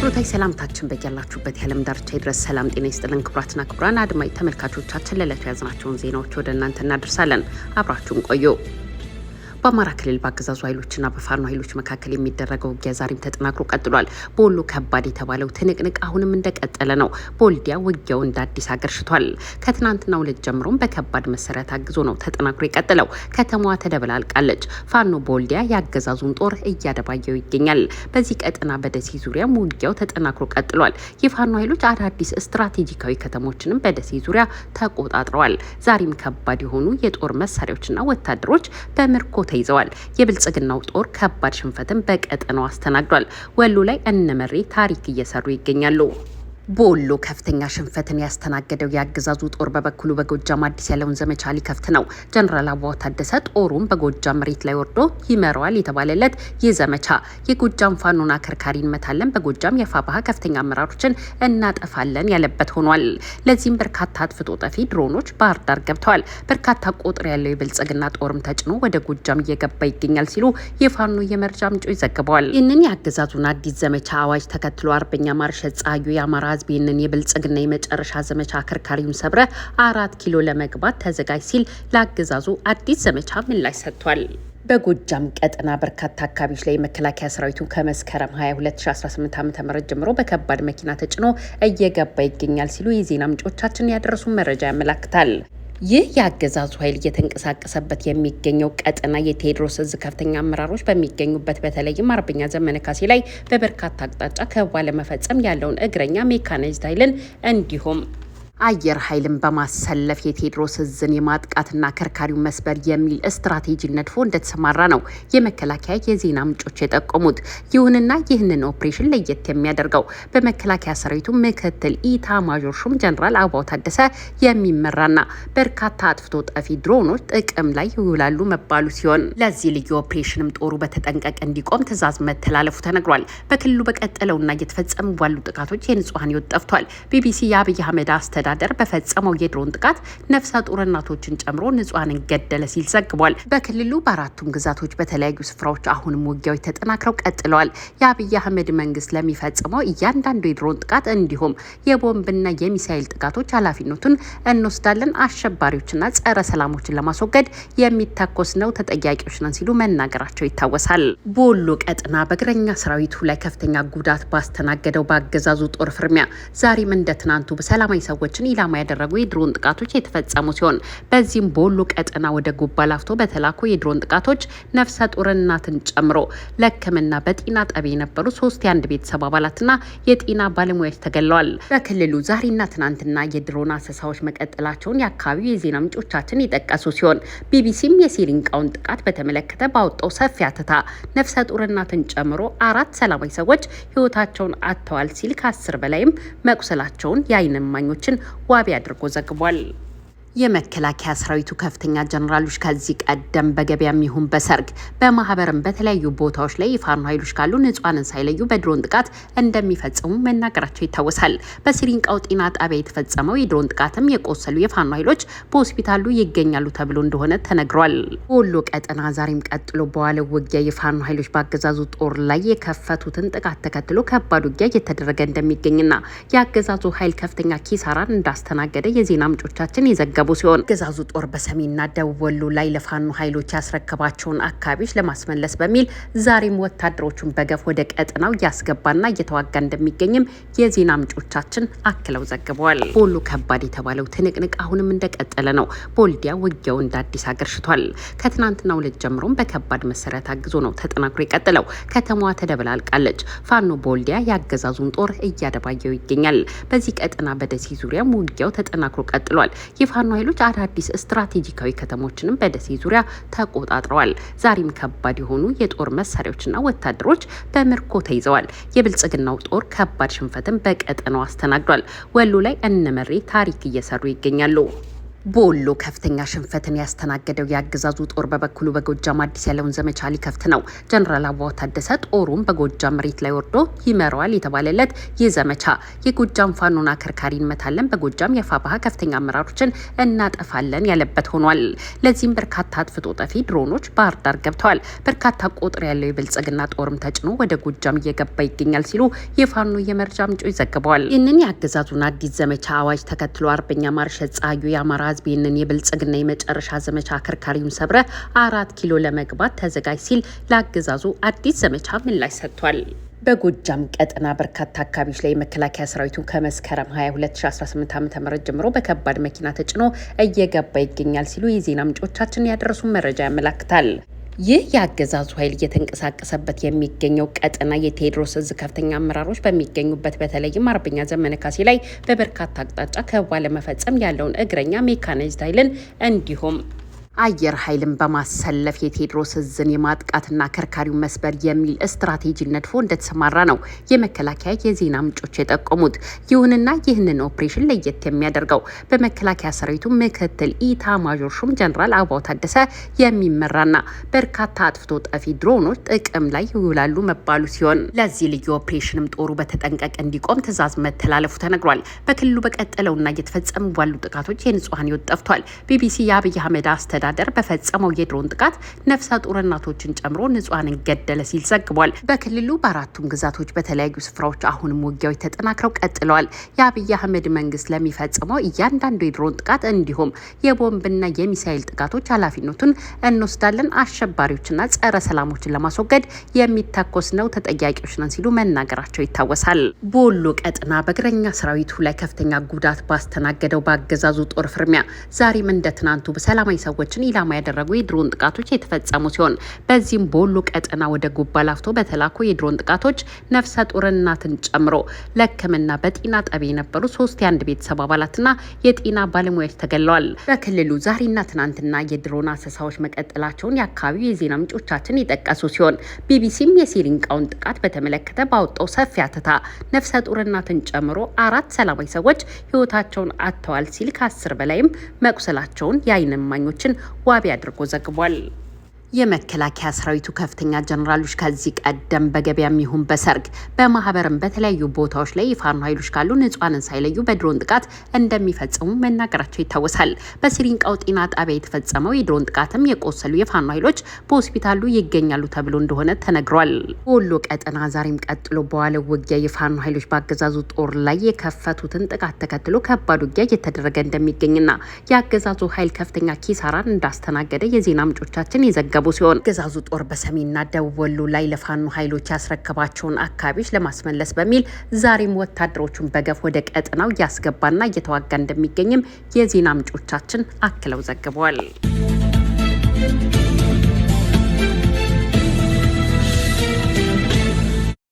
አክብሮታይ ሰላምታችን በያላችሁበት የዓለም ዳርቻ ይድረስ። ሰላም ጤና ይስጥልን። ክቡራትና ክቡራን አድማጭ ተመልካቾቻችን ለዕለቱ ያዝናቸውን ዜናዎች ወደ እናንተ እናደርሳለን። አብራችሁን ቆዩ። በአማራ ክልል በአገዛዙ ኃይሎችና በፋኖ ኃይሎች መካከል የሚደረገው ውጊያ ዛሬም ተጠናክሮ ቀጥሏል። በወሎ ከባድ የተባለው ትንቅንቅ አሁንም እንደቀጠለ ነው። በወልዲያ ውጊያው እንደ አዲስ አገርሽቷል። ከትናንትና ሁለት ጀምሮም በከባድ መሳሪያ ታግዞ ነው ተጠናክሮ የቀጥለው። ከተማዋ ተደበላልቃለች። ፋኖ በወልዲያ የአገዛዙን ጦር እያደባየው ይገኛል። በዚህ ቀጠና በደሴ ዙሪያም ውጊያው ተጠናክሮ ቀጥሏል። የፋኖ ኃይሎች አዳዲስ ስትራቴጂካዊ ከተሞችንም በደሴ ዙሪያ ተቆጣጥረዋል። ዛሬም ከባድ የሆኑ የጦር መሳሪያዎችና ወታደሮች በምርኮ ተይዘዋል። የብልጽግናው ጦር ከባድ ሽንፈትን በቀጠናው አስተናግዷል። ወሎ ላይ እነመሬ ታሪክ እየሰሩ ይገኛሉ። በወሎ ከፍተኛ ሽንፈትን ያስተናገደው የአገዛዙ ጦር በበኩሉ በጎጃም አዲስ ያለውን ዘመቻ ሊከፍት ነው። ጀነራል አበባው ታደሰ ጦሩም በጎጃም መሬት ላይ ወርዶ ይመራዋል የተባለለት ይህ ዘመቻ የጎጃም ፋኖን አከርካሪ እንመታለን፣ በጎጃም የፋባሃ ከፍተኛ አመራሮችን እናጠፋለን ያለበት ሆኗል። ለዚህም በርካታ አጥፍቶ ጠፊ ድሮኖች ባህር ዳር ገብተዋል። በርካታ ቁጥር ያለው የብልጽግና ጦርም ተጭኖ ወደ ጎጃም እየገባ ይገኛል ሲሉ የፋኖ የመረጃ ምንጮች ዘግበዋል። ይህንን የአገዛዙን አዲስ ዘመቻ አዋጅ ተከትሎ አርበኛ ማርሸት ጸሐዩ የአማራ ህዝብ ይህንን የብልጽግና የመጨረሻ ዘመቻ አከርካሪውን ሰብረ አራት ኪሎ ለመግባት ተዘጋጅ ሲል ለአገዛዙ አዲስ ዘመቻ ምላሽ ሰጥቷል። በጎጃም ቀጠና በርካታ አካባቢዎች ላይ የመከላከያ ሰራዊቱ ከመስከረም 22 2018 ዓ ም ጀምሮ በከባድ መኪና ተጭኖ እየገባ ይገኛል ሲሉ የዜና ምንጮቻችን ያደረሱን መረጃ ያመላክታል። ይህ የአገዛዙ ኃይል እየተንቀሳቀሰበት የሚገኘው ቀጠና የቴዎድሮስ እዝ ከፍተኛ አመራሮች በሚገኙበት በተለይም አርበኛ ዘመነ ካሴ ላይ በበርካታ አቅጣጫ ከበባ ለመፈጸም ያለውን እግረኛ ሜካናይዝድ ኃይልን እንዲሁም አየር ኃይልን በማሰለፍ የቴዎድሮስ እዝን የማጥቃትና ከርካሪው መስበር የሚል ስትራቴጂ ነድፎ እንደተሰማራ ነው የመከላከያ የዜና ምንጮች የጠቆሙት። ይሁንና ይህንን ኦፕሬሽን ለየት የሚያደርገው በመከላከያ ሰራዊቱ ምክትል ኢታማዦር ሹም ጀኔራል አበባው ታደሰ የሚመራና በርካታ አጥፍቶ ጠፊ ድሮኖች ጥቅም ላይ ይውላሉ መባሉ ሲሆን ለዚህ ልዩ ኦፕሬሽንም ጦሩ በተጠንቀቅ እንዲቆም ትዕዛዝ መተላለፉ ተነግሯል። በክልሉ በቀጠለውና እየተፈጸሙ ባሉ ጥቃቶች የንጹሐን ሕይወት ጠፍቷል። ቢቢሲ የአብይ አህመድ አስተዳ አስተዳደር በፈጸመው የድሮን ጥቃት ነፍሰ ጡር እናቶችን ጨምሮ ንጹሐንን ገደለ ሲል ዘግቧል። በክልሉ በአራቱም ግዛቶች በተለያዩ ስፍራዎች አሁንም ውጊያዎች ተጠናክረው ቀጥለዋል። የአብይ አህመድ መንግስት ለሚፈጽመው እያንዳንዱ የድሮን ጥቃት እንዲሁም የቦምብና የሚሳኤል ጥቃቶች ኃላፊነቱን እንወስዳለን፣ አሸባሪዎችና ጸረ ሰላሞችን ለማስወገድ የሚተኮስ ነው፣ ተጠያቂዎች ነን ሲሉ መናገራቸው ይታወሳል። በወሎ ቀጥና በእግረኛ ሰራዊቱ ላይ ከፍተኛ ጉዳት ባስተናገደው በአገዛዙ ጦር ፍርሚያ ዛሬም እንደ ትናንቱ በሰላማዊ ሰዎች ከተሞችን ኢላማ ያደረጉ የድሮን ጥቃቶች የተፈጸሙ ሲሆን በዚህም በወሎ ቀጠና ወደ ጉባ ላፍቶ በተላኩ የድሮን ጥቃቶች ነፍሰ ጡር እናትን ጨምሮ ለሕክምና በጤና ጣቢያ የነበሩ ሶስት የአንድ ቤተሰብ አባላትና የጤና ባለሙያዎች ተገለዋል። በክልሉ ዛሬና ትናንትና የድሮን አሰሳዎች መቀጠላቸውን የአካባቢው የዜና ምንጮቻችን የጠቀሱ ሲሆን ቢቢሲም የሲሪንቃውን ጥቃት በተመለከተ ባወጣው ሰፊ አተታ ነፍሰ ጡር እናትን ጨምሮ አራት ሰላማዊ ሰዎች ህይወታቸውን አጥተዋል ሲል ከአስር በላይም መቁሰላቸውን የአይን እማኞችን ዋቢ አድርጎ ዘግቧል። የመከላከያ ሰራዊቱ ከፍተኛ ጀነራሎች ከዚህ ቀደም በገበያም ይሁን በሰርግ በማህበርም በተለያዩ ቦታዎች ላይ የፋኖ ኃይሎች ካሉ ንጹሃንን ሳይለዩ በድሮን ጥቃት እንደሚፈጽሙ መናገራቸው ይታወሳል። በሲሪንቃው ጤና ጣቢያ የተፈጸመው የድሮን ጥቃትም የቆሰሉ የፋኖ ኃይሎች በሆስፒታሉ ይገኛሉ ተብሎ እንደሆነ ተነግሯል። በወሎ ቀጠና ዛሬም ቀጥሎ በዋለው ውጊያ የፋኖ ኃይሎች በአገዛዙ ጦር ላይ የከፈቱትን ጥቃት ተከትሎ ከባድ ውጊያ እየተደረገ እንደሚገኝና የአገዛዙ ኃይል ከፍተኛ ኪሳራን እንዳስተናገደ የዜና ምንጮቻችን ይዘገቡ የቀረቡ ሲሆን ገዛዙ ጦር በሰሜንና ደቡብ ወሎ ላይ ለፋኖ ኃይሎች ያስረከባቸውን አካባቢዎች ለማስመለስ በሚል ዛሬም ወታደሮቹን በገፍ ወደ ቀጥናው እያስገባና እየተዋጋ እንደሚገኝም የዜና ምንጮቻችን አክለው ዘግበዋል። በወሎ ከባድ የተባለው ትንቅንቅ አሁንም እንደቀጠለ ነው። በወልዲያ ውጊያው እንደ አዲስ አገርሽቷል። ከትናንትና ሁለት ጀምሮም በከባድ መሳሪያ ታግዞ ነው ተጠናክሮ የቀጥለው። ከተማዋ ተደበላልቃለች። ፋኖ በወልዲያ የአገዛዙን ጦር እያደባየው ይገኛል። በዚህ ቀጠና በደሴ ዙሪያም ውጊያው ተጠናክሮ ቀጥሏል። የፋኖ የፋኖ ኃይሎች አዳዲስ ስትራቴጂካዊ ከተሞችንም በደሴ ዙሪያ ተቆጣጥረዋል። ዛሬም ከባድ የሆኑ የጦር መሳሪያዎችና ወታደሮች በምርኮ ተይዘዋል። የብልጽግናው ጦር ከባድ ሽንፈትን በቀጠናው አስተናግዷል። ወሎ ላይ እነመሬ ታሪክ እየሰሩ ይገኛሉ። በወሎ ከፍተኛ ሽንፈትን ያስተናገደው የአገዛዙ ጦር በበኩሉ በጎጃም አዲስ ያለውን ዘመቻ ሊከፍት ነው። ጀነራል አበባው ታደሰ ጦሩን በጎጃም መሬት ላይ ወርዶ ይመራዋል የተባለለት ይህ ዘመቻ የጎጃም ፋኖን አከርካሪ እንመታለን፣ በጎጃም የፋባሃ ከፍተኛ አመራሮችን እናጠፋለን ያለበት ሆኗል። ለዚህም በርካታ አጥፍቶ ጠፊ ድሮኖች ባህር ዳር ገብተዋል። በርካታ ቁጥር ያለው የብልጽግና ጦርም ተጭኖ ወደ ጎጃም እየገባ ይገኛል ሲሉ የፋኖ የመረጃ ምንጮች ዘግበዋል። ይህንን የአገዛዙን አዲስ ዘመቻ አዋጅ ተከትሎ አርበኛ ማርሸት ጸሐዩ የአማራ ህዝብ ይህንን የብልጽግና የመጨረሻ ዘመቻ አከርካሪውን ሰብረ አራት ኪሎ ለመግባት ተዘጋጅ ሲል ለአገዛዙ አዲስ ዘመቻ ምላሽ ሰጥቷል። በጎጃም ቀጠና በርካታ አካባቢዎች ላይ የመከላከያ ሰራዊቱ ከመስከረም 22 2018 ዓ ም ጀምሮ በከባድ መኪና ተጭኖ እየገባ ይገኛል ሲሉ የዜና ምንጮቻችን ያደረሱ መረጃ ያመላክታል። ይህ የአገዛዙ ኃይል እየተንቀሳቀሰበት የሚገኘው ቀጠና የቴዎድሮስ እዝ ከፍተኛ አመራሮች በሚገኙበት በተለይም አርበኛ ዘመነ ካሴ ላይ በበርካታ አቅጣጫ ከበባ ለመፈጸም ያለውን እግረኛ ሜካናይዝድ ኃይልን እንዲሁም አየር ኃይልን በማሰለፍ የቴዎድሮስ እዝን የማጥቃትና ከርካሪው መስበር የሚል ስትራቴጂ ነድፎ እንደተሰማራ ነው የመከላከያ የዜና ምንጮች የጠቆሙት። ይሁንና ይህንን ኦፕሬሽን ለየት የሚያደርገው በመከላከያ ሰራዊቱ ምክትል ማዦር ሹም ጀኔራል አበባው ታደሰ የሚመራና በርካታ አጥፍቶ ጠፊ ድሮኖች ጥቅም ላይ ይውላሉ መባሉ ሲሆን ለዚህ ልዩ ኦፕሬሽንም ጦሩ በተጠንቀቅ እንዲቆም ትዕዛዝ መተላለፉ ተነግሯል። በክልሉ በቀጠለውና እየተፈጸሙ ባሉ ጥቃቶች የንጹሐን ሕይወት ጠፍቷል። ቢቢሲ የአብይ አህመድ አስተዳደ አስተዳደር በፈጸመው የድሮን ጥቃት ነፍሰ ጡር እናቶችን ጨምሮ ንጹሐንን ገደለ ሲል ዘግቧል። በክልሉ በአራቱም ግዛቶች በተለያዩ ስፍራዎች አሁንም ውጊያዎች ተጠናክረው ቀጥለዋል። የአብይ አህመድ መንግስት ለሚፈጽመው እያንዳንዱ የድሮን ጥቃት እንዲሁም የቦምብና የሚሳይል ጥቃቶች ኃላፊነቱን እንወስዳለን፣ አሸባሪዎችና ጸረ ሰላሞችን ለማስወገድ የሚታኮስ ነው፣ ተጠያቂዎች ነን ሲሉ መናገራቸው ይታወሳል። በወሎ ቀጥና በእግረኛ ሰራዊቱ ላይ ከፍተኛ ጉዳት ባስተናገደው በአገዛዙ ጦር ፍርሚያ ዛሬም እንደ ትናንቱ በሰላማዊ ሰዎች ነዋሪዎችን ኢላማ ያደረጉ የድሮን ጥቃቶች የተፈጸሙ ሲሆን በዚህም በወሎ ቀጠና ወደ ጉባ ላፍቶ በተላኩ የድሮን ጥቃቶች ነፍሰ ጡር እናትን ጨምሮ ለሕክምና በጤና ጠቢ የነበሩ ሶስት የአንድ ቤተሰብ አባላትና የጤና ባለሙያዎች ተገለዋል። በክልሉ ዛሬና ትናንትና የድሮን አሰሳዎች መቀጠላቸውን የአካባቢው የዜና ምንጮቻችን የጠቀሱ ሲሆን ቢቢሲም የሲሪንቃውን ጥቃት በተመለከተ ባወጣው ሰፊ አተታ ነፍሰ ጡር እናትን ጨምሮ አራት ሰላማዊ ሰዎች ህይወታቸውን አጥተዋል ሲል ከአስር በላይም መቁሰላቸውን የአይን እማኞችን ዋቢ አድርጎ ዘግቧል። የመከላከያ ሰራዊቱ ከፍተኛ ጀነራሎች ከዚህ ቀደም በገበያም ይሁን በሰርግ በማህበርም በተለያዩ ቦታዎች ላይ የፋኖ ኃይሎች ካሉ ንጹሃንን ሳይለዩ በድሮን ጥቃት እንደሚፈጽሙ መናገራቸው ይታወሳል። በሲሪንቃው ጤና ጣቢያ የተፈጸመው የድሮን ጥቃትም የቆሰሉ የፋኖ ኃይሎች በሆስፒታሉ ይገኛሉ ተብሎ እንደሆነ ተነግሯል። በወሎ ቀጠና ዛሬም ቀጥሎ በዋለው ውጊያ የፋኖ ኃይሎች በአገዛዙ ጦር ላይ የከፈቱትን ጥቃት ተከትሎ ከባድ ውጊያ እየተደረገ እንደሚገኝና የአገዛዙ ኃይል ከፍተኛ ኪሳራን እንዳስተናገደ የዜና ምንጮቻችን ይዘገባል። ያስረከቡ ሲሆን ገዛዙ ጦር በሰሜንና ደቡብ ወሎ ላይ ለፋኖ ኃይሎች ያስረከባቸውን አካባቢዎች ለማስመለስ በሚል ዛሬም ወታደሮቹን በገፍ ወደ ቀጥናው እያስገባና እየተዋጋ እንደሚገኝም የዜና ምንጮቻችን አክለው ዘግበዋል።